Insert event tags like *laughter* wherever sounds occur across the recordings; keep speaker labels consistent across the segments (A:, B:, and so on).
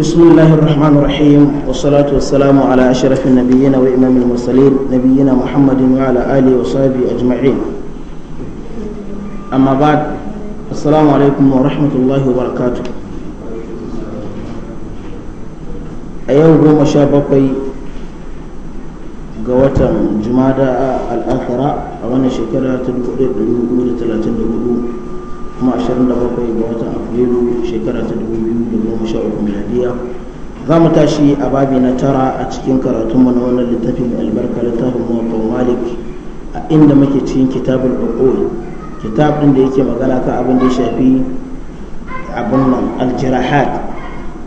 A: بسم الله الرحمن الرحيم والصلاة والسلام على أشرف النبيين وإمام المرسلين نبينا محمد وعلى آله وصحبه أجمعين أما بعد السلام عليكم ورحمة الله وبركاته أيوه قوم شابقي قوة جمادة الآخرة أو أن شكرا تدبر kuma bakwai ga watan afrilu shekara ta 2013 miladiya za mu tashi a babi na tara a cikin karatunmu na wannan littafin albarka littafin muwaffaq malik a inda muke cikin kitabul uqul kitab ɗin da yake magana kan abin da ya shafi abin nan aljirahat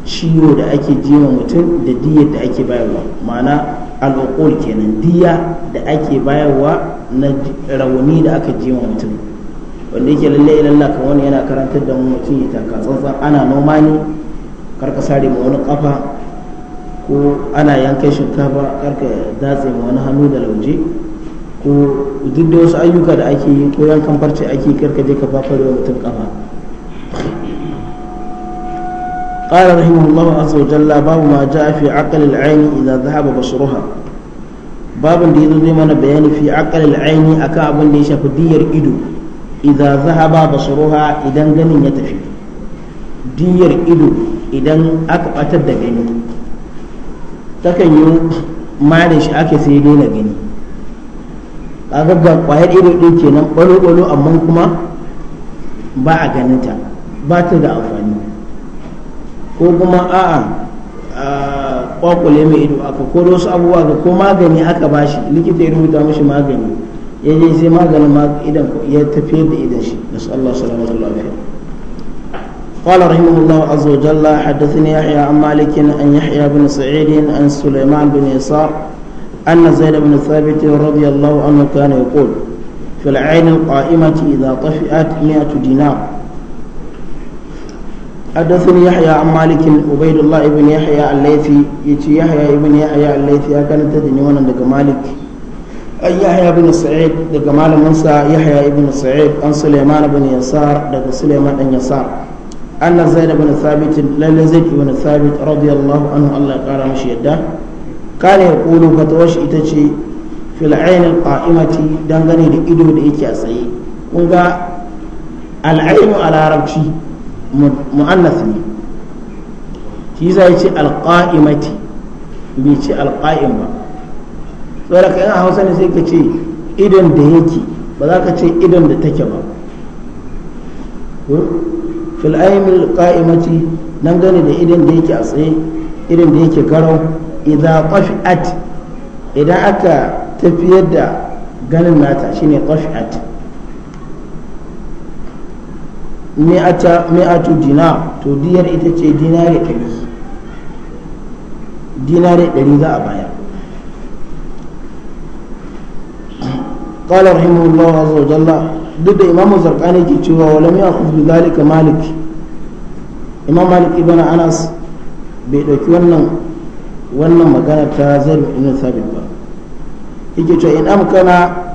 A: ciwo da ake jima mutum da diyar da ake bayarwa ma'ana al'uqul kenan diya da ake bayarwa na rauni da aka jima mutum wanda yake lalle ilalla laka wani yana karantar da mutum ya taka tsantsan ana noma ne karka sare ma wani kafa ko ana yankan shinkafa karka datse ma wani hannu da lauje ko duk da wasu ayyuka da ake yi ko yankan farce ake karka je ka fafa da mutum kafa قال رحمه الله عز وجل باب ما جاء في عقل العين اذا ذهب بصرها باب دي زي ما بيان في عقل العين اكا ابن دي شاف دير إدو idan zahaba basruha idan ganin ya tafi diyar ido idan aka batar da gani takan yi malin shi ake sai daina gani kaga ga kwayar ido ɗin kenan ɓalo ɓalo amma kuma ba a ganin ba ta da amfani ko kuma a'a kwakwale mai ido aka ko wasu abubuwa ga ko magani aka bashi likita ya rubuta mashi magani ya je sai maganin ma idan ya tafi da idan shi da su Allah salamu alaihi wa قال رحمه الله عز وجل حدثني يحيى عن مالك أن يحيى بن سعيد عن سليمان بن يسار أن زيد بن ثابت رضي الله عنه كان يقول في العين القائمة إذا طفئت مئة دينار حدثني يحيى عن مالك عبيد الله بن يحيى الليثي يتي يحيى بن يحيى الليثي كانت تدني وانا مالك an yahya bin sa'id daga malaminsa yahya ibn sa'id an suleiman bin yasar daga suleiman dan yasar an zaid bin thabit lalle zaid bin thabit radiyallahu anhu Allah ya kara mashi yadda kana yaqulu fatawash ita ce fil ayn al qa'imati dangane da ido da yake a tsaye kun ga al aynu a larabci muannath ne shi zai ce al qa'imati bai ce al qa'im ba saboda ka yana hausa ne sai ka ce idan da yake ba za ka ce idan da take ba fil aimil qa'imati nan gane da idan da yake a tsaye idan da yake garau idza qafi'at idan aka tafiyar da ganin nata shine qafi'at mi'ata mi'atu dinar to diyar ita ce dinare 100 dinare 100 za a bayar قال رحمه الله عز وجل ضد إمام الزرقاني كتوى ولم يأخذ بذلك مالك إمام مالك ابن أنس بيدك ونن ونن مكانة تازر من ثابت با يجي إن أمكن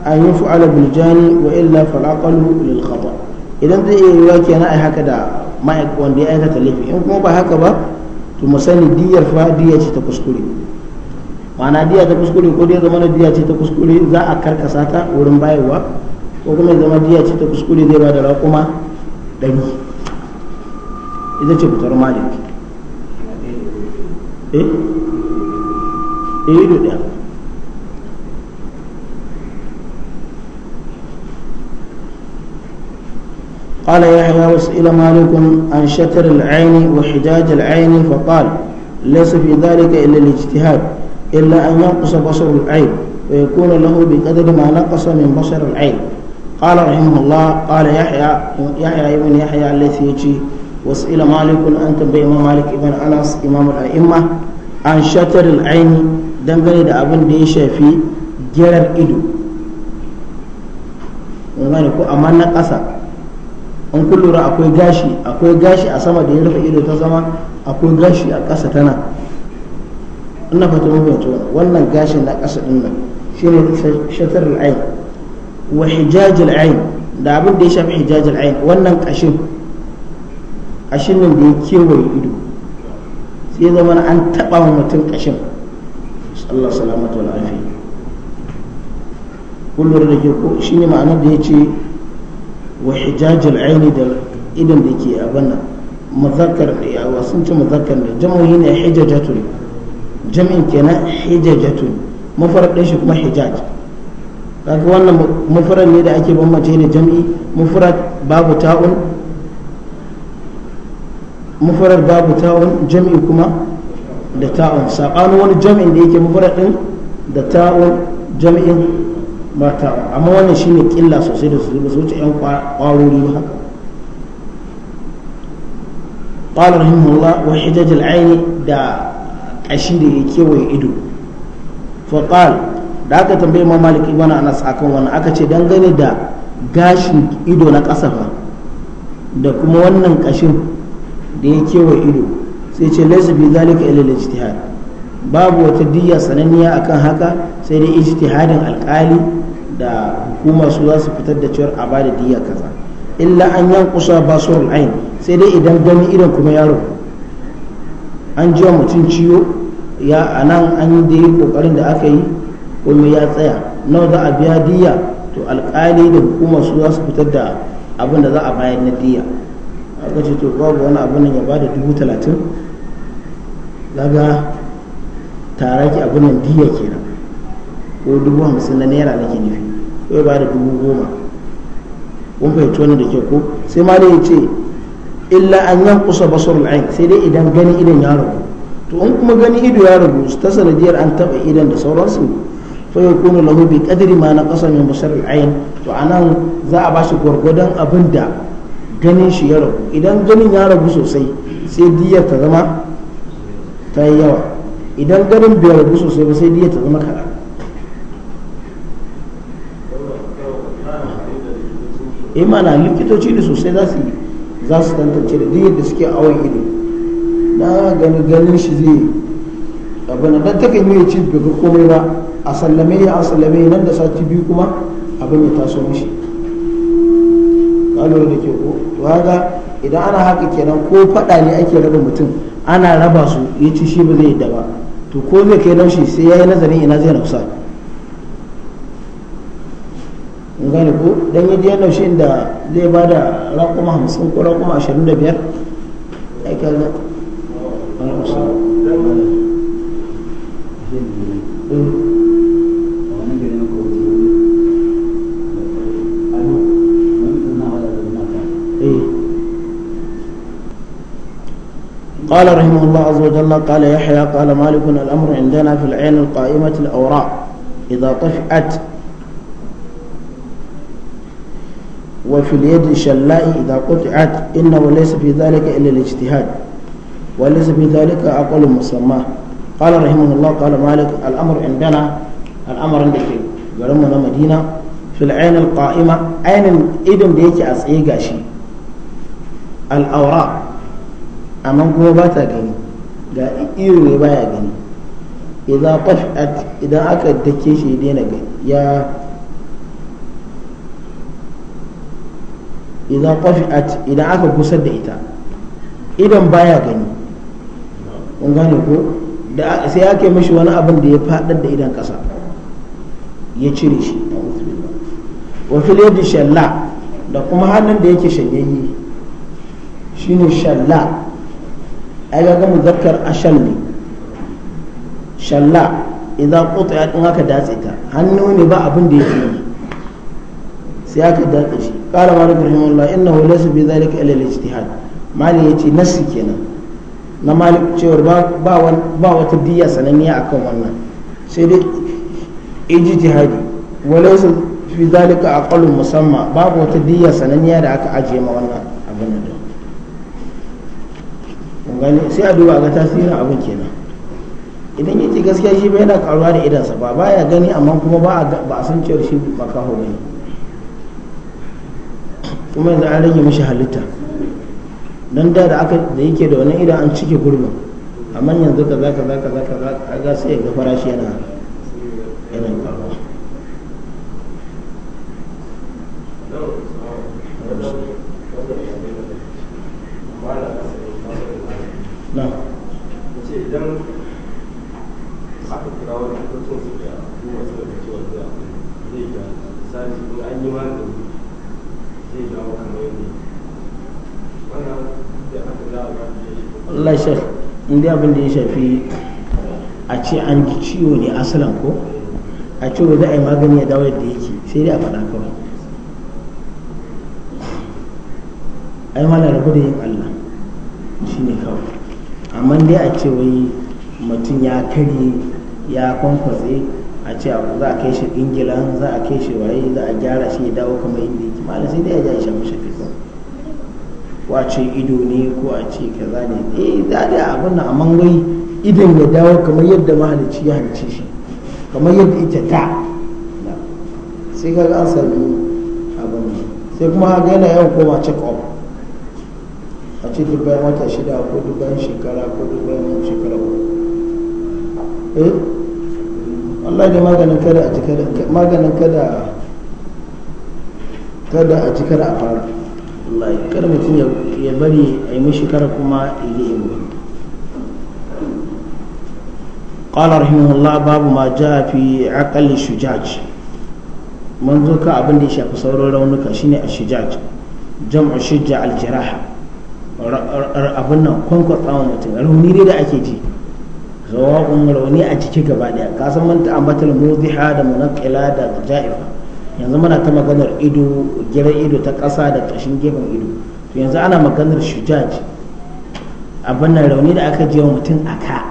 A: أن يفعل بالجاني وإلا فالعقل للخطأ إذن دي iya yiwuwa kenan ai haka da wanda ya aikata laifi in kuma ba haka دي to تكسكولي ma'ana diya ta kuskure ko dai zama na diya ce ta kuskure za a karkasa ta wurin bayarwa ko kuma zama diya ce ta kuskure zai ba da raƙuma ɗari ita ce fitar malik eh eh ido ɗaya قال يحيى وسئل مالك عن شتر العين وحجاج العين فقال ليس في ذلك إلا الاجتهاد إلا أن ينقص بصر العين ويكون له بقدر ما نقص من بصر العين قال رحمه الله قال يحيى يحيى ابن يحيى الذي يجي وسئل مالك أن تنبي إمام مالك ابن أنس إمام الأئمة عن شتر العين دنقل إذا أبن دي شافي جرر إدو wani ko amma na ƙasa in kun akwai gashi akwai gashi a sama da ya rufe ido ta sama akwai gashi a ƙasa tana ina fata mun fahimci wannan gashin na ƙasa din nan ne shatar al'ain wa hijaj al'ain da abin da ya shafi hijaj al'ain wannan kashin kashin nan da ya kewaye ido sai zama an taɓa wa mutum kashin Allah salamatu wa afi kullum da ke ko ne ma'anar da ya ce wa hijaj al'ain da idan da ke abin nan mazakkar ne a wasu ce mazakkar ne jama'a ne hijajatul jami'in kenan hijajatun mafarar ɗin shi kuma hijaj kaga wannan mafarar ne da ake bambance da jami'i mafarar babu ta'un mafarar babu ta'un jami'i kuma da ta'un saɓanin wani jami'in da yake mafarar ɗin da ta'un jami'in ba ta'un amma wannan shine killa sosai da sosai su wuce 'yan kwarori ba haka قال رحمه الله وحجاج العين دا shi da ya kewaye ido faƙal da aka tambaye ma maliki wani anas akan wannan aka ce dangane da gashin ido na ƙasa fa da kuma wannan kashin da ya kewaye ido sai ce laisa bi zalika ilal ijtihad babu wata diyya sananniya akan haka sai dai ijtihadin alkali da hukuma su za su fitar da cewar a bada diyya kaza illa an yankusa basurul ain sai dai idan gani idan kuma yaro an jiwa mutum ciwo ya a nan an yi da kokarin da aka yi komai ya tsaya nawa za a biya diya to alkali da hukumar su za su fitar da abin da za a bayar na diya a kace to babu wani abin nan ya ba da dubu talatin daga tara ki abin nan diya kenan ko dubu hamsin na naira nake nufi ko ya ba da dubu goma kun fahimci wannan da ke ko sai ma dai ya ce illa an yan kusa basarul ain sai dai idan gani idan ya ragu to in kuma gani ido ya ragu ta sanadiyar an taba idan da sauransu fa yakunu lahu bi qadri ma na qasa min basarul ain to anan za a bashi gwargwadon abin da ganin shi ya ragu idan ganin ya ragu sosai sai diyar ta zama ta yi yawa idan ganin bai ragu sosai ba sai diyar ta zama kaɗan imana eh, likitoci da sosai za su yi za su tantance da duk yadda suke awon ido na gani ganin shi zai abin da takan yi ci bai komai ba a sallame ya a sallame nan da sati biyu kuma abin ya taso mishi kalo da ke ko to haka idan ana haka kenan ko fada ne ake raba mutum ana raba su ya ci shi ba zai yadda ba to ko zai kai shi sai ya yi nazarin ina zai nausa in gane ko dan yaje ya laushe inda zai ba da raƙuma hamsin ko raƙuma ashirin da biyar ai kaga قال رحمه الله عز وجل قال يحيى قال مالك الأمر عندنا في العين القائمة الأوراق إذا طفئت وفي اليد الشلاء إذا قطعت إنه ليس في ذلك إلا الاجتهاد وليس في ذلك أقل مسمى قال رحمه الله قال مالك الأمر عندنا الأمر عندك قالوا مدينة في العين القائمة عين إدم ديك أسعيق شيء الأوراق أمام قوباتا قني قال إيوه بايا قني إذا قفعت إذا أكد دكيش يدينا قني يا idan qafi'at idan aka gusar da ita idan baya gani kun gane ko da sai ya kai mashi wani abin da ya faɗar da idan ƙasa ya cire shi wa fil yadi shalla da kuma hannun da yake shanyayye shine shalla ai ga muzakkar ashal ne shalla idan ya in aka datse ta hannu ne ba abin da yake yi sai aka daɗa shi qala malik ina hula su bi dhalika illa al-ijtihad malik yace nasi kenan na malik cewar ba wata diya sananniya a kan wannan sai dai wale su fi a aqallu musamman babu wata diya sananniya da aka ajiye ma wannan abin da gani sai a duba ga tasirin abin kenan idan yake gaskiya shi bai yana karuwa da idansa ba baya gani amma kuma ba a san cewar shi makaho ne kuma yanzu an rage mishi halitta don da aka da yake da wani idan an cike gurbin amma yanzu ka za ka za ka za ka za ka ga sai ga farashi yana yana karuwa na Allah inda abin da ya shafi a ce an ji ciwo ne asalan ko a ciwo za a yi magani ya dawo yadda yake sai dai a faɗa kawai ai mana rabu da yin Allah shi ne kawai amma dai a ce wai mutum ya karye ya kwankwatse a ce za a kai shi ingila za a kai shi waye za a gyara shi ya dawo kamar inda yake malam sai dai ya ja shafi-shafi. kawai ko ido ne ko a ce kaza ne eh da da abin nan amma wai idan ya dawo kamar yadda mahalicci ya halice shi kamar yadda ita ta sai ga an sami abin sai kuma ga yana yawan koma check up a ce duk bayan wata shida ko duk bayan shekara ko duk bayan shekara ko eh wallahi da maganin kada a maganin kada kada a a fara Allah kar mutum ya bari a yi mishi kara kuma ya yi قال رحمه الله باب ما جاء في عقل الشجاج من ذوك abin da ya shafi sauran raunuka shine ashijaj jam'u shujja aljiraha abin nan kwankwarta tsawon mutum rauni ne da ake ji zawa'un rauni a ciki gaba daya ka san manta ambatal muziha da munaqila da ja'ifa yanzu muna ta maganar ido gidan ido ta ƙasa da ƙashin gefen ido to yanzu ana maganar shujaj abin nan rauni da aka jiya mutum a ka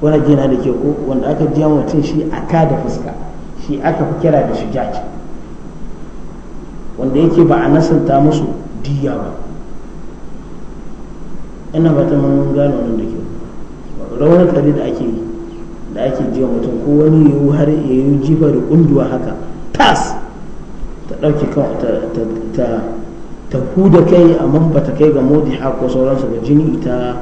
A: wani jina da ke ko wanda aka jiya mutum shi a ka da fuska shi aka fi kira da shujaj wanda yake ba a nasanta musu diya ba ina ba ta mun gano nan da ke raunin tare da ake yi da ake jiwa mutum ko wani yiwu har ya yi jifa da kunduwa haka tas ta ɗauke ta ta huda kai amma ba ta kai ga modi ha ko sauransu ba jini ita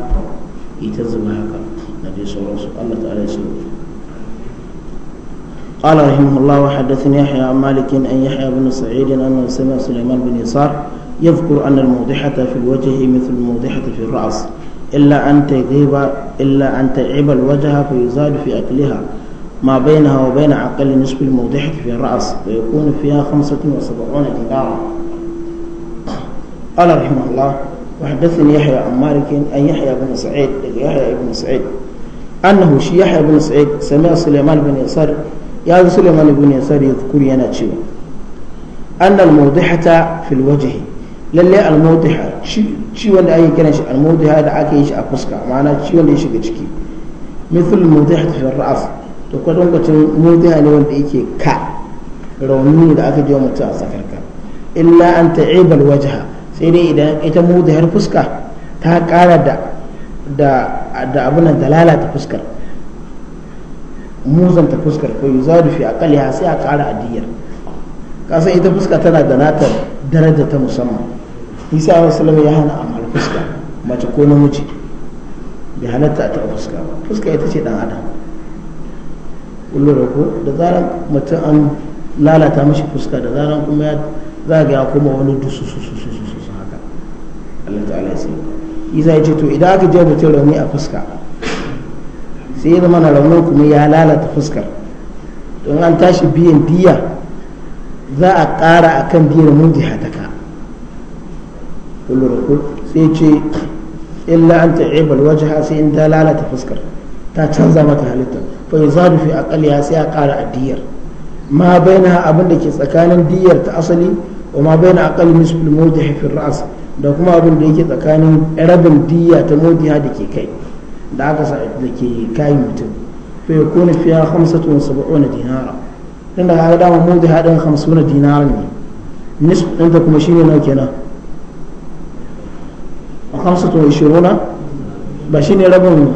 A: ita zuba haka da dai sauransu Allah ta'ala ya sauke قال رحمه الله وحدثني يحيى عن مالك ان يحيى بن سعيد انه سمع سليمان بن يسار يذكر ان الموضحه في الوجه مثل الموضحه في الراس إلا أن تغيب إلا أن تعب الوجه فيزاد في أكلها ما بينها وبين أقل نصف الموضحة في الرأس ويكون فيها خمسة وسبعون إنقاعا قال رحمه الله وحدثني يحيى عن مالك أن يحيى بن سعيد يحيى بن سعيد أنه شي يحيى بن سعيد سمع سليمان بن يسار يا سليمان بن يسار يذكر يناتشي أن الموضحة في الوجه lallai almawdiha ciwon da ake kiran shi almawdiha da aka yi shi a fuska ma'ana ciwon da ya shiga ciki mithul mawdiha fi ra'as to ko don gacin ne wanda yake ka rauni da aka wa mutum a tsakarka illa an ta'ibal wajha sai dai idan ita mawdihar fuska ta kara da da da abin da lalata fuskar muzanta fuskar ko yuzadu fi aqaliha sai a kara adiyar kasan ita fuska tana da nata daraja ta musamman isa a wasu ya hana amal fuska mace ko namiji bai halatta a taɓa fuska ba fuska ita ce ɗan adam kullum ko da zarar mutum an lalata mashi fuska da zarar kuma ya za ga ya koma wani dusu su su su su su haka Allah ta'ala ya isa ya ce to idan aka je mutum rauni a fuska sai ya zama na raunin kuma ya lalata fuskar don an tashi biyan diya za a ƙara akan diyar mundi hataka kullum da ku sai ce illa an ta'iba alwajha sai in ta lalata fuskar ta canza mata halitta fa yuzadu fi aqliha sai a ƙara addiyar ma baina abin da ke tsakanin diyar ta asali wa ma baina aqal misl mudhi fi ra's da kuma abin da yake tsakanin rabin diyya ta mudhiya da ke kai da aka sa da ke kai mutum fa yakunu fiha 75 dinara dan da ga dama mudhiya din 50 dinara ne nisb din ta kuma shine nawa kenan ba shi ne rabin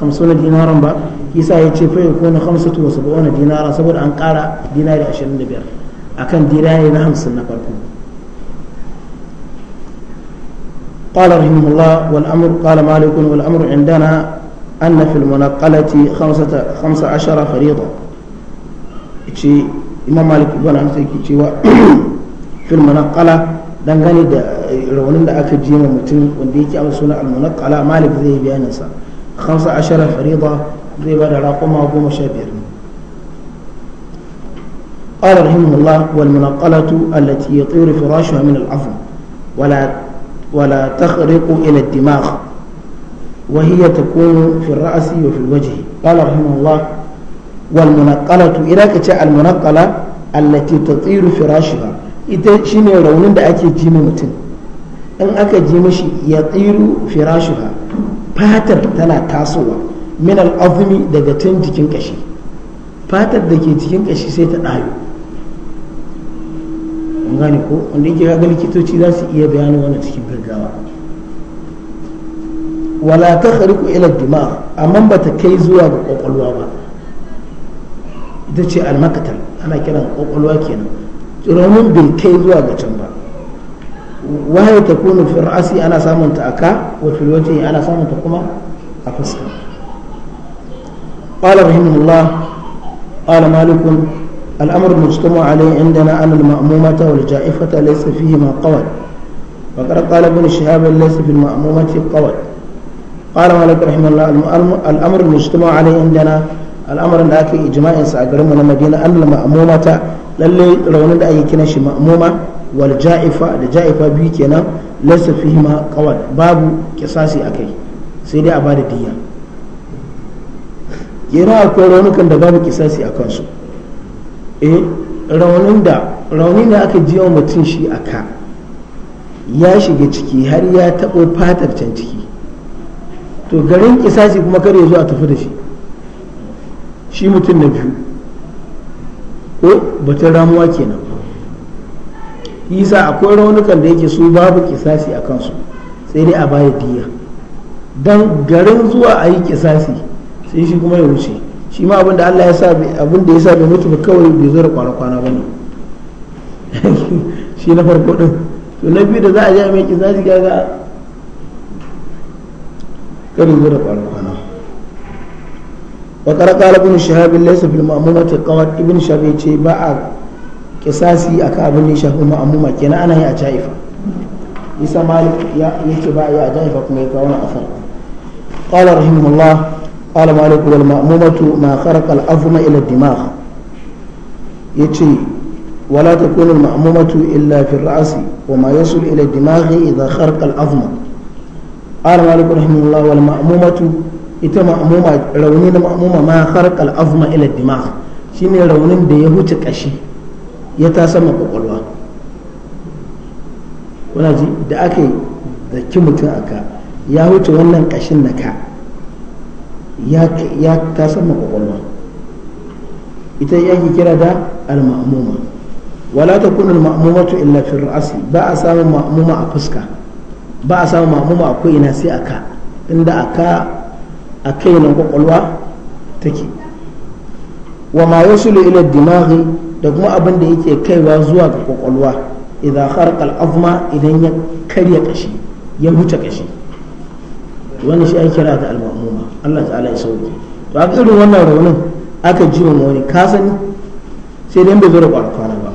A: hamsin na ba isa ya ce fayar kone hamsin tuwa su ba dinara saboda an kara dinari 25 akan dinari na hamsin na farko قَالَ رَحِمُهُ اللَّهُ وَالْأَمْرُ قَالَ مَالِكٌ وَالْأَمْرُ عِنْدَنَا أَنَّ فِي الْمُنَقَّلَةِ خَمْسَةَ خَمْسَ عَشَرَ فَرِيضًا إِشِي إِمَامُ مَالِكٌ بَنَا نَسَيْكِ إِشِي وَفِي الْمُنَقَّلَةِ دَنْغَنِي دَ raunin da aka ji ma mutum wanda yake a suna almanak ala malik zai bayanin sa khamsa ashara farida zai bada raqama قال رحمه الله والمنقلة التي يطير فراشها من العظم ولا ولا تخرق إلى الدماغ وهي تكون في الرأس وفي الوجه قال رحمه الله والمنقلة إلى كتاء المنقلة التي تطير فراشها إذا شنو رونين بأكي جيمة متن in aka ji mashi ya tsiru firashuha fatar tana tasowa min azumi daga tun jikin kashi fatar da ke jikin kashi sai ta ɗayo kun gane ko wanda yake kaga likitoci za su iya bayanin wannan cikin gaggawa wala ta khariku ila dima amma ba ta kai zuwa ga kwakwalwa ba ita ce almakatal ana kiran kwakwalwa kenan domin bai kai zuwa ga can ba waye ta kunu fi ana samun aka wa fil wajhi ana samun kuma a fuska qala rahimahullah qala malik ijma'in sa garin mu na madina an al raunin da ake kina shi ma'muma wal ja'ifa da ja'ifa biyu kenan laysa fihi ma kawai babu kisasi akai sai dai a bada diya yana akwai raunukan da babu kisasi a kansu eh raunin da rauni ne aka ji wa mutum shi a ka ya shiga ciki har ya taɓo fatar can ciki to garin kisasi kuma kar ya zo a tafi da shi shi mutum na biyu ko batun ramuwa kenan yisa akwai raunukan da yake su babu kisasi a kansu sai dai a baya diya don garin zuwa a yi kisasi sai shi kuma ya wuce shi ma abin da Allah ya sa abin da ya sa bai mutu ba kawai bai zo da kwana kwana ba ne *laughs* shi na farko din to na biyu da za a je mai kisasi ga kar zo da kwana kwana wa qara qala ibn shahab laysa fil ma'mumati qawat ibn shahab ce ba a kisasi akan abin da ya shafi ma'amuma kenan ana yi a jaifa isa malik ya yake ba a jaifa kuma ya kawo afar qala rahimahullah qala malik wal ma'mumatu ma kharaqa al afma ila dimagh yace ولا تكون المأمومة إلا في الرأس وما يصل إلى الدماغ إذا خرق العظم قال مالك رحمه الله والمأمومة ita raunin ma'amuma ma harkar azuma ila dimagh shine raunin da ya huce kashi ya ta sama kwakwalwa wani ji da aka yi da ki mutum aka ya wuce wannan kashin na ka ya ta sama kwakwalwa ita yake kira da al-ma'muma wala ta takunu al-ma'mumatu illa fi ra'si ba a samu ma'muma a fuska ba a samu ma'muma a ko'ina sai a ka inda a ka a kai nan kwakwalwa take wa ma yasulu ila dimaghi da kuma abin da yake kaiwa zuwa ga kwakwalwa idza kharqa azma idan ya karya kashi ya huta kashi wannan shi an kira da al Allah ta'ala ya sauke to a irin wannan raunin aka ji wani wani ka sani sai dai bai zo da kwana ba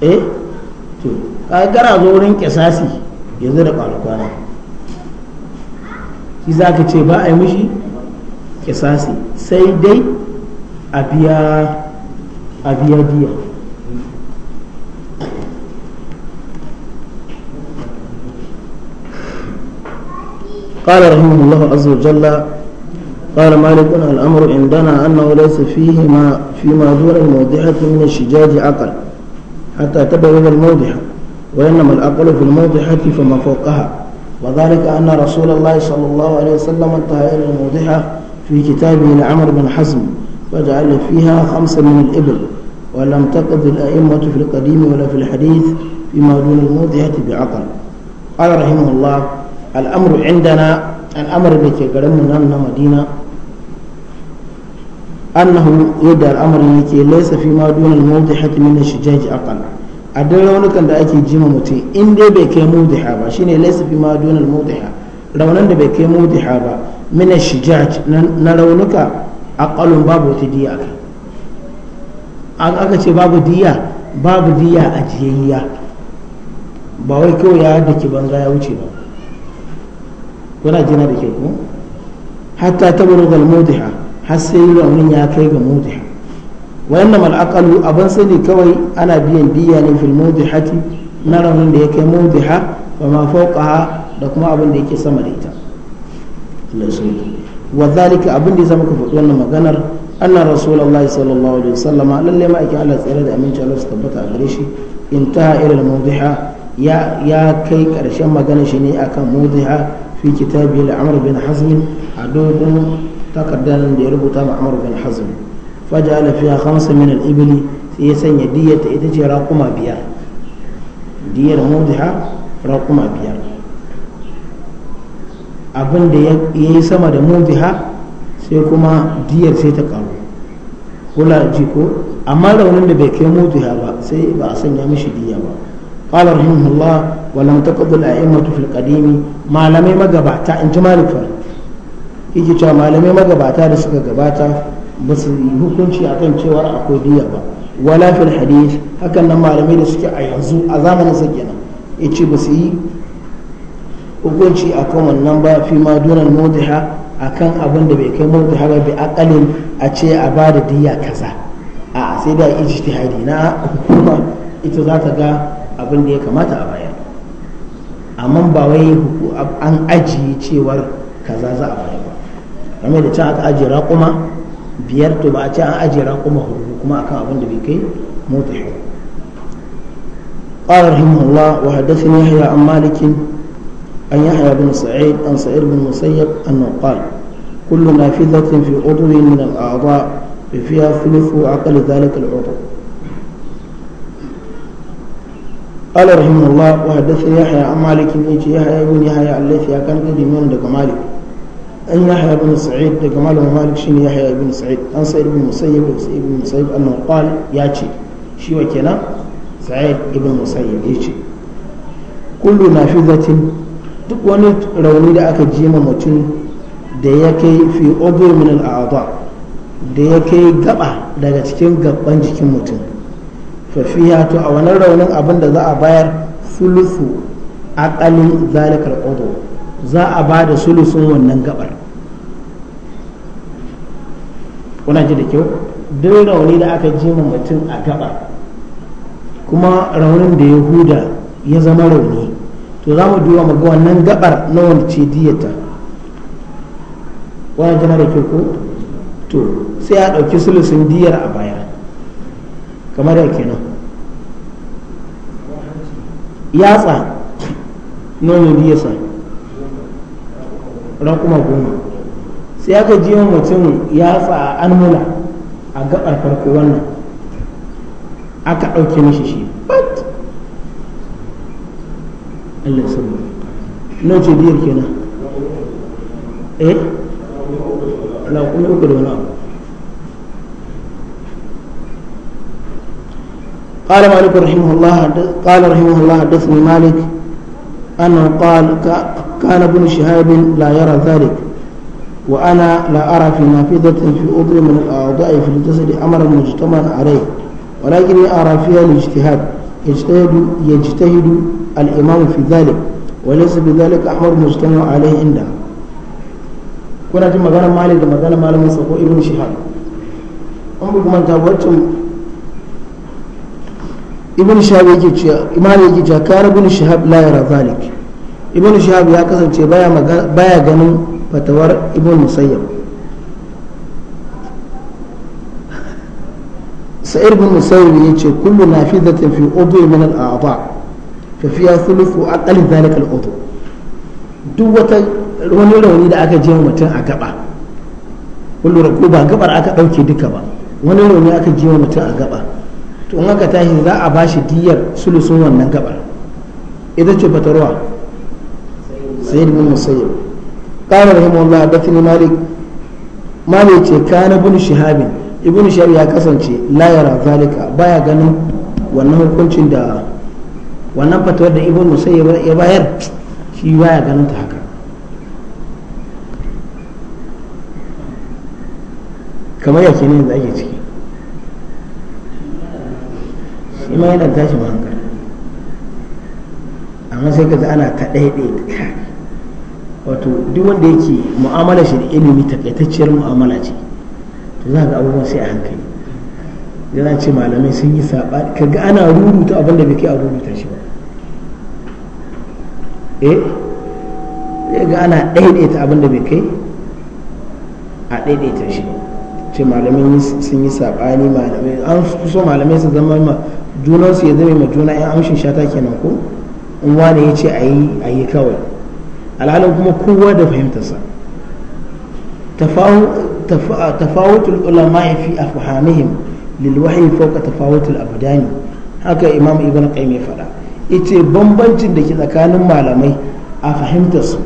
A: eh to ka gara zo wurin kisasi ya zo da kwana shi za ka ce ba a yi mishi kisasi sai dai a biya a biya diya قال رحمه الله عز وجل قال مالك الأمر عندنا أنه ليس فيه ما فيما دون الموضحة من الشجاج عقل حتى تبلغ الموضحة وإنما العقل في الموضحة فما فوقها وذلك أن رسول الله صلى الله عليه وسلم انتهى إلى الموضحة في كتابه لعمر بن حزم وجعل فيها خمسا من الإبل ولم تقض الأئمة في القديم ولا في الحديث فيما دون الموضعة بعقل قال رحمه الله الأمر عندنا الأمر الذي قدمنا من مدينة أنه يدعى الأمر التي ليس فيما دون الموضحة من الشجاج أقل أدل رونك أن أتي جيم متي إن دي بك موضحة شيني ليس فيما دون الموضحة رونان دي بك موضحة من الشجاج نلو نرونك aqalun babu wata diya akai an aka ce babu diya babu diya a jiyayya ba wai kawai ya da ki banza ya wuce ba kuna jina da ke ko hatta mudiha har sai raunin ya kai ga mudiha wa innama al-aqalu aban sani kawai ana biyan diya ne fil mudihati na raunin da ya kai mudiha wa ma fawqaha da kuma abin da yake sama da ita Allah wa zalika abin da ya zama ka faɗi wannan maganar anna rasulullahi a lallai wasallam lalle ma ake Allah tsare da aminci a su tabbata a in shi intaha ila al-mawdiha ya kai karshen magana shi ne akan mawdiha fi kitabi al-amr bin hazm a dogon takardar da ya rubuta ma amr bin hazm faja'ala fiha khamsa min al-ibli sai ya sanya diyyata ita ce raquma biyar diyar mawdiha raquma biyar abin da ya yi sama da mubiha sai kuma diyar sai ta karu kula jiko amma raunin da bai kai mubiha ba sai ba a sanya mishi diya ba قال رحمه الله ولم تقض الأئمة في القديم malamai لم يمغبا تا انت yake cewa malamai magabata da suka gabata ba su yi hukunci akan cewa cewar akwai diya ba wala fil hadith hakan nan malamai da suke a yanzu a zamanin sa kenan ya ce ba su yi hukunci a kan wannan ba fi ma dunan modiha kan abin da bai kai modiha ba bi akalin a ce a ba da diya kaza a sai da ijtihadi na hukuma ita za ta ga abin da ya kamata a bayar amma ba wai an ajiye cewar kaza za a bayar ba kamar da can aka ajiye raƙuma biyar to ba a ce an ajiye raƙuma hudu kuma akan abin da bai kai modiha قال رحمه الله وحدثني يحيى عن مالك أن يحيى بن سعيد أن سعيد بن مسيب أنه قال كل نافذة في عضو من الأعضاء فيها ثلث عقل ذلك العضو قال رحمه الله وحدث يحيى عن مالك بن يحيى بن يحيى الذي كان قديما دك مالك أن يحيى بن سعيد دك مالك مالك شين يحيى بن سعيد أن سعيد بن مسيب سعيد بن مسيب أنه قال ياتي شي وكنا سعيد بن مسيب ياتي كل نافذة duk wani rauni da aka ji ma mutum da ya kai fi odo min al'adha da ya kai gaba daga cikin gaban jikin mutum fafiya to a wani raunin abin da za a bayar sulusu akalin zalikar odo za a ba da sulusun wannan gabar kuna ji da kyau duk rauni da aka ji ma mutum a gaba kuma raunin da ya huda ya zama rauni to za mu duba mu ga wannan gabar na wani ce diyata wani jana da ke ko to sai a ɗauki sulusun diyar a baya kamar da nan yatsa nono diyasa kuma goma sai aka ji wa mutum yatsa a anmula a gabar farko wannan aka ɗauke mishi shi الله يسلمك no ce كنا ايه eh la kuma uku قال مالك رحمه الله قال رحمه الله حدثني مالك أنه قال كان ابن شهاب لا يرى ذلك وأنا لا أرى في نافذة في أضل من الأعضاء في الجسد أمرا مجتمعا عليه ولكني أرى فيها الاجتهاد يجتهد, يجتهد الإمام في ذلك وليس بذلك أمر مجتمع عليه عندنا kuna jin magana malik da magana malamin sa ko ibn shihab an bugu manta waccan ibn shahab yake cewa imam yake cewa kare ibn shahab la yara zalik ibn shahab ya kasance baya baya ganin fatawar ibn musayyab sa'ir ibn musayyab yace kullu nafidatin fi udwi min al-a'dha fa fiya thuluthu aqali zalika al duk wata wani rauni da aka je mutum a gaba kullu ko ba gabar aka dauke duka ba wani rauni aka je mutum a gaba to in aka tashi za a bashi diyar sulusun wannan gabar ita ce fatarwa sayyid bin musayyib qala rahimahullah hadathani malik malik ce kana bin shihabin ibn shihab ya kasance la yara zalika baya ganin wannan hukuncin da wannan fatuwar da ibn musayyib ya bayar shi baya ganin ta haka kamar yake ne da ake ciki shi ma yana tashi ma hankali amma sai ka ana ta ɗaya ɗaya wato duk wanda yake mu'amala shi da ilimi takaitacciyar mu'amala ce to za ga abubuwan sai a hankali yana ce malamai sun yi saɓa ka ga ana rubuta abin da bai kai a rubuta shi eh ga ana ɗaiɗaita abin da bai kai a daidaita shi ce malamai sun yi saɓani malamai an so malamai su zama ma junansu ya zama ma juna yan amshin shata kenan ko in wani ya ce a yi kawai alhalin kuma kowa da fahimtarsa tafawutul ulama fi afhamihim lil wahyi fawqa tafawutul abdani haka imam ibn qayyim ya faɗa ita bambancin da ke tsakanin malamai a fahimtar su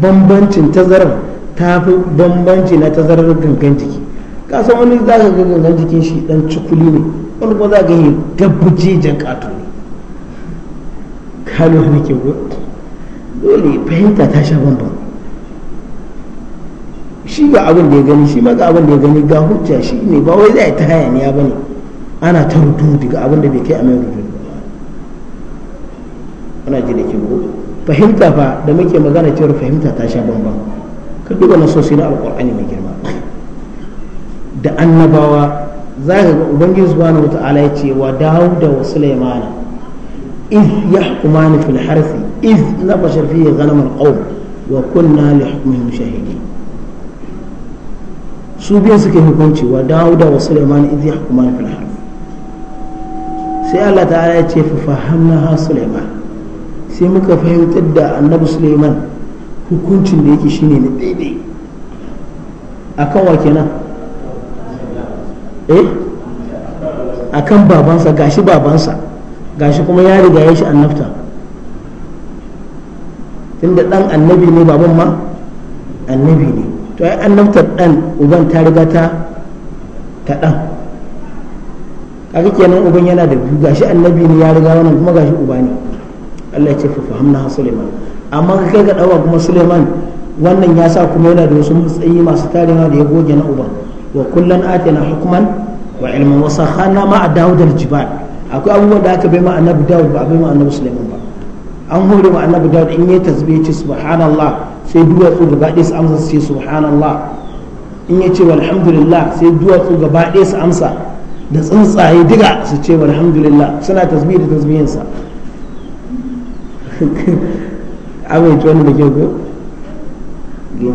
A: bambancin tazarar ta fi bambanci na tazarar gangan jiki kasan wani za ka ga gangan jikin shi dan cikuli ne wani kuma za ka yi gabbuje jan kato ne kano ne ke dole fahimta ta sha bambam shi ga abin da ya gani shi maka ga abin da ya gani ga hujja shi ne ba wai yi ta hayaniya ba ne ana ta rudu daga abin da bai kai a mai rudu ana ji da ko fahimta fa da muke magana cewar fahimta ta sha bambam ka duba na sosai na alkur'ani mai girma da annabawa za ka ga ubangiji subhanahu wata'ala ya ce wa dawuda wa sulaimana iz yahkumani fil harsi iz bashar fihi ghanam alqawm wa kunna li hukmihim shahidin su biyan suke hukunci wa dawuda wa sulaimana iz yahkumani fil harsi sai Allah ta'ala ya ce fa fahamna ha sulaimana sai muka fahimtar da annabi suleiman hukuncin da yake shine na daidai a kan wa kenan eh a kan babansa gashi babansa gashi kuma ya riga ya shi annabta tunda dan annabi ne baban ma annabi ne to ai annabtar dan uban ta riga ta ta dan kaga kenan uban yana da biyu gashi annabi ne ya riga wannan kuma gashi uba ne Allah ya ce fa fahamna Suleiman amma ka kai ga dawa kuma Suleiman wannan ya sa kuma yana da wasu matsayi masu tarewa da ya goge na uban wa kullan atina hukman wa ilman wa sakhana ma a Dawud al-Jibal akwai abubuwan da aka bai ma annabi Dawud ba a bai ma annabi Suleiman ba an hore ma annabi Dawud in yayi tasbih ce subhanallah sai duwatsu gaba ɗaya su amsa sai subhanallah in ya ce walhamdulillah sai duwatsu gaba ɗaya su amsa da tsuntsaye diga su ce walhamdulillah suna tasbih da tasbihinsa amul ci wàllu da jóg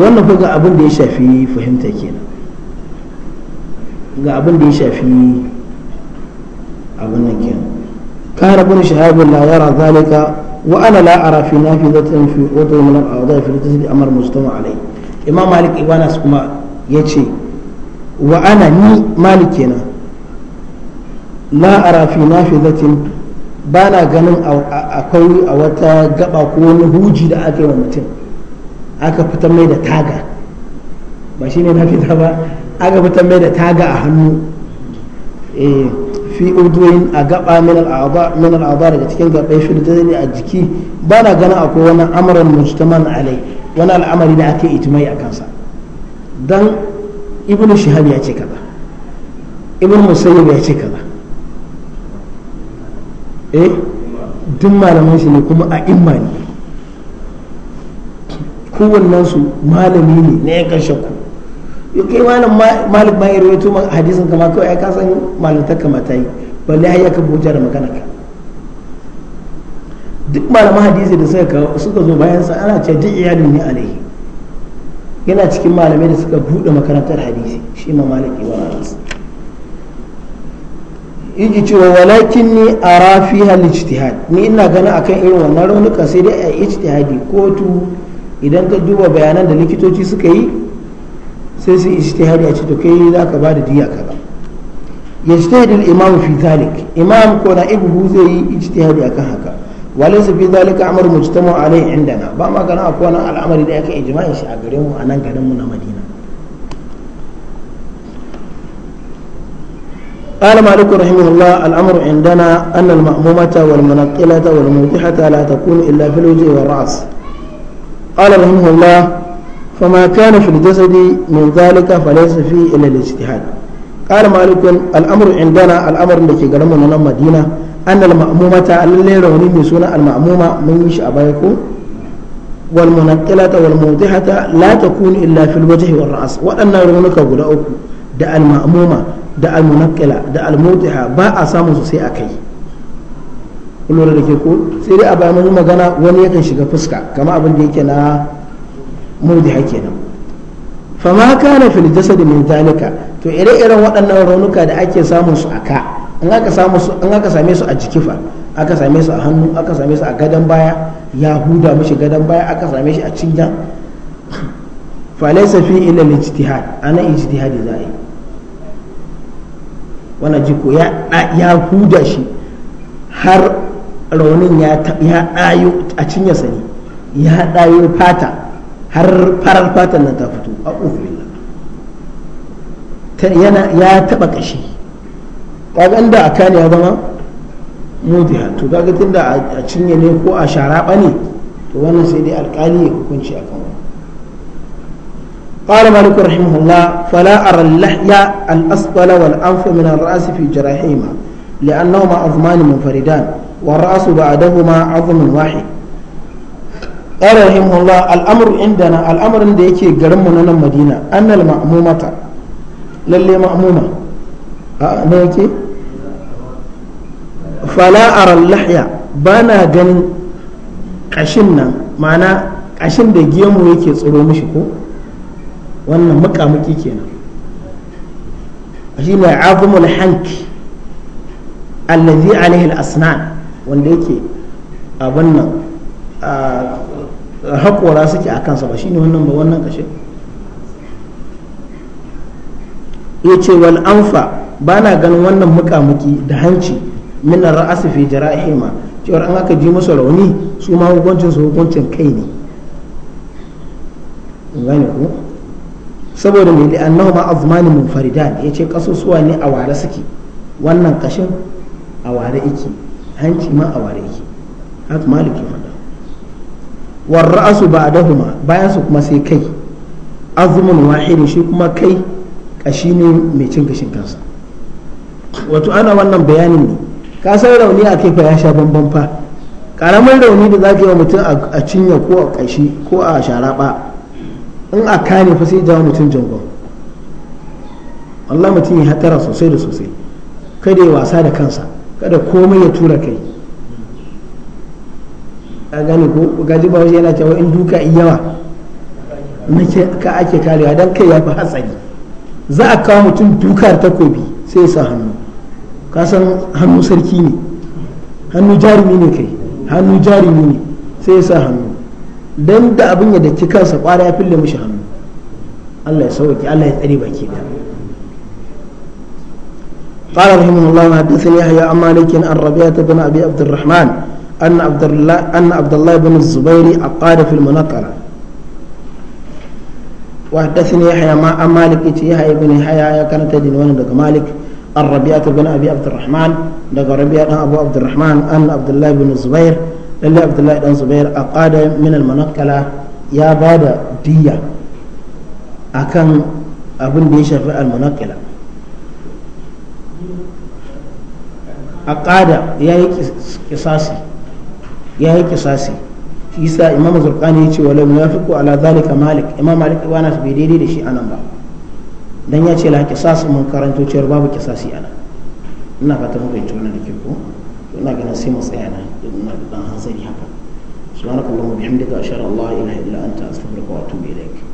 A: wanda ko ga abin da ya shafi fahimta kenan ga abin da ya shafi abin nan kenan kan rabin shahabin la yara zalika wa ana la'ara fi nafi zata fi wata yi mana a wadda fi zata amar mustama alai imam malik ibn kuma kuma yace wa ana ni malik kenan la ara fi nafidatin ba na ganin akwai a wata gaba ko wani huji da aka yi wa mutum aka fitar mai da taga ba shine na fita ba aka fitar mai da taga a hannu eh, fi uduyin a gaba min al'adha daga cikin gaba ya fi a jiki ba na ganin akwai wani amuran mujtaman alai wani al'amari da ake itimai a kansa don ibn shihab ya ce kaza ibn musayyib ya ce kaza eh duk malaman shi ne kuma a imma ne su malami ne na yankan shakku ya kai malam malik ma ya rawaito hadisin kama kawai ya kasan malantar kama ta yi balle har ya kafa hujja da magana ka duk malaman hadisi da suka suka zo bayan sa ana cewa duk iyalin ne alaihi yana cikin malamai da suka bude makarantar hadisi shi ma maliki wa anas ji cewa walakin ni ara rafi hal ijtihad ni ina ganin akan irin wannan raunuka sai dai a ijtihadi kotu idan ka duba bayanan da likitoci suka yi sai su ijtihadi a ce to kai zaka bada diya kaza yajtahid al-imam fi thalik imam ko na ibu zai yi ijtihadi akan haka walaysa fi zalika amru mujtama alai indana ba ma gana akwai wani al'amari da yake ijma'in shi a gare mu a nan garin mu na Madina قال مالك رحمه الله الأمر عندنا أن المأمومة والمنقلة والموضحة لا تكون إلا في الوجه والرأس قال رحمه الله فما كان في الجسد من ذلك فليس فيه إلا الاجتهاد قال مالك الأمر عندنا الأمر الذي قدمنا من المدينة an annal ta lalle rauni mai suna al-ma'muma mun yi shi a baya ko wal munaqqilata wal mudihata la takunu illa fil wajhi wal ra's waɗannan raunuka guda uku da al-ma'muma da al-munaqqila da al-mudiha ba a samu su sai akai kullum da ke ko sai dai a baya mun magana wani yakan shiga fuska kama abin da yake na mudiha kenan fama kana fil jasad min zalika to ire-iren waɗannan raunuka da ake samun su aka in aka same su a jikifa aka same su a hannu aka same su a gadon baya ya huda mishi gadon baya aka same shi a cinya falaisa fi illa ijtihad ana ijtihadi za a yi wannan jiko ya ya huda shi har raunin ya ya dayo a cinyarsa ne ya dayo fata har farar fatan nan ta fito a yana ya taba kashi kaga inda a kane ya zama mudiya to kaga tunda a cinye ne ko a sharaɓa ne to wannan sai dai alƙali ya hukunci a kan قال مالك رحمه الله فلا أرى اللحية الأسفل والأنف من الرأس في جراحهما لأنهما عظمان منفردان والرأس بعدهما عظم واحد قال رحمه الله الأمر عندنا الأمر عند يكي قرمنا المدينة أن المأمومة للي مأمومة أه fala aral lahya ba na ganin kashin nan ma'ana kashin da gemu yake tsiro mishi ko wannan mukamuki kenan shi ne azumul hank allazi alaihi al-asnan wanda yake abin nan haƙora suke a kansa ba shine wannan ba wannan kashin ya ce wal anfa ba na ganin wannan mukamuki da hanci min ra'as fi jara'ihima cewar an aka ji musu rauni su ma hukuncin su hukuncin kai ne gane ku saboda mai li annahu ma azmani munfaridan yace kasusuwa ne a ware suke wannan kashin a ware yake hanci ma a ware yake haka maliki faɗa war ra'su ba'dahuma bayan su kuma sai kai azmun wahidin shi kuma kai kashi ne mai cin gashin kansa wato ana wannan bayanin ne ka san rauni a kai fa ya sha bambam fa karamin rauni da za ka yi wa mutum a cinya ko a ƙashi ko a sharaɓa in a kane fa sai jawo mutum jangon Allah mutum ya hatara sosai da sosai kada ya wasa da kansa kada komai ya tura kai a gane ko gaji ba yana cewa in duka yawa nake ka ake karewa don kai ya fi hatsari za a kawo mutum dukar takobi sai ya sa hannu ka san hannu sarki ne hannu jarumi ne kai hannu jarumi ne sai ya sa hannu don da abin ya daki kansa kwara ya fille mishi hannu Allah ya sauke Allah ya tsare baki da قال رحمه الله حدثني يحيى عن مالك عن ربيعة بن أبي عبد الرحمن أن عبد الله أن عبد الله بن الزبير عقار في المنقرة وحدثني يحيى عن مالك يحيى بن يحيى كانت تدين مالك الربيعة بن أبي عبد الرحمن لقى ربيعة أبو عبد الرحمن أن عبد الله بن الزبير للي عبد الله بن الزبير أقاد من المنقلة يا بعد دية أكن أبن دي شفاء المنقلة أقاد يا قصاصي يا قصاصي shi إمام الزرقاني zurkani ya ce على ذلك مالك إمام مالك وانا في ba دي شيء أنا daidai dan ya ce la kisas mun karanto cewar babu kisasi ana ina fata mun fahimci wannan da ke ko to ina ganin sai mu tsaya na ina da dan hanzari haka subhanakallahumma bihamdika ashhadu an la ilaha illa anta astaghfiruka wa atubu ilaik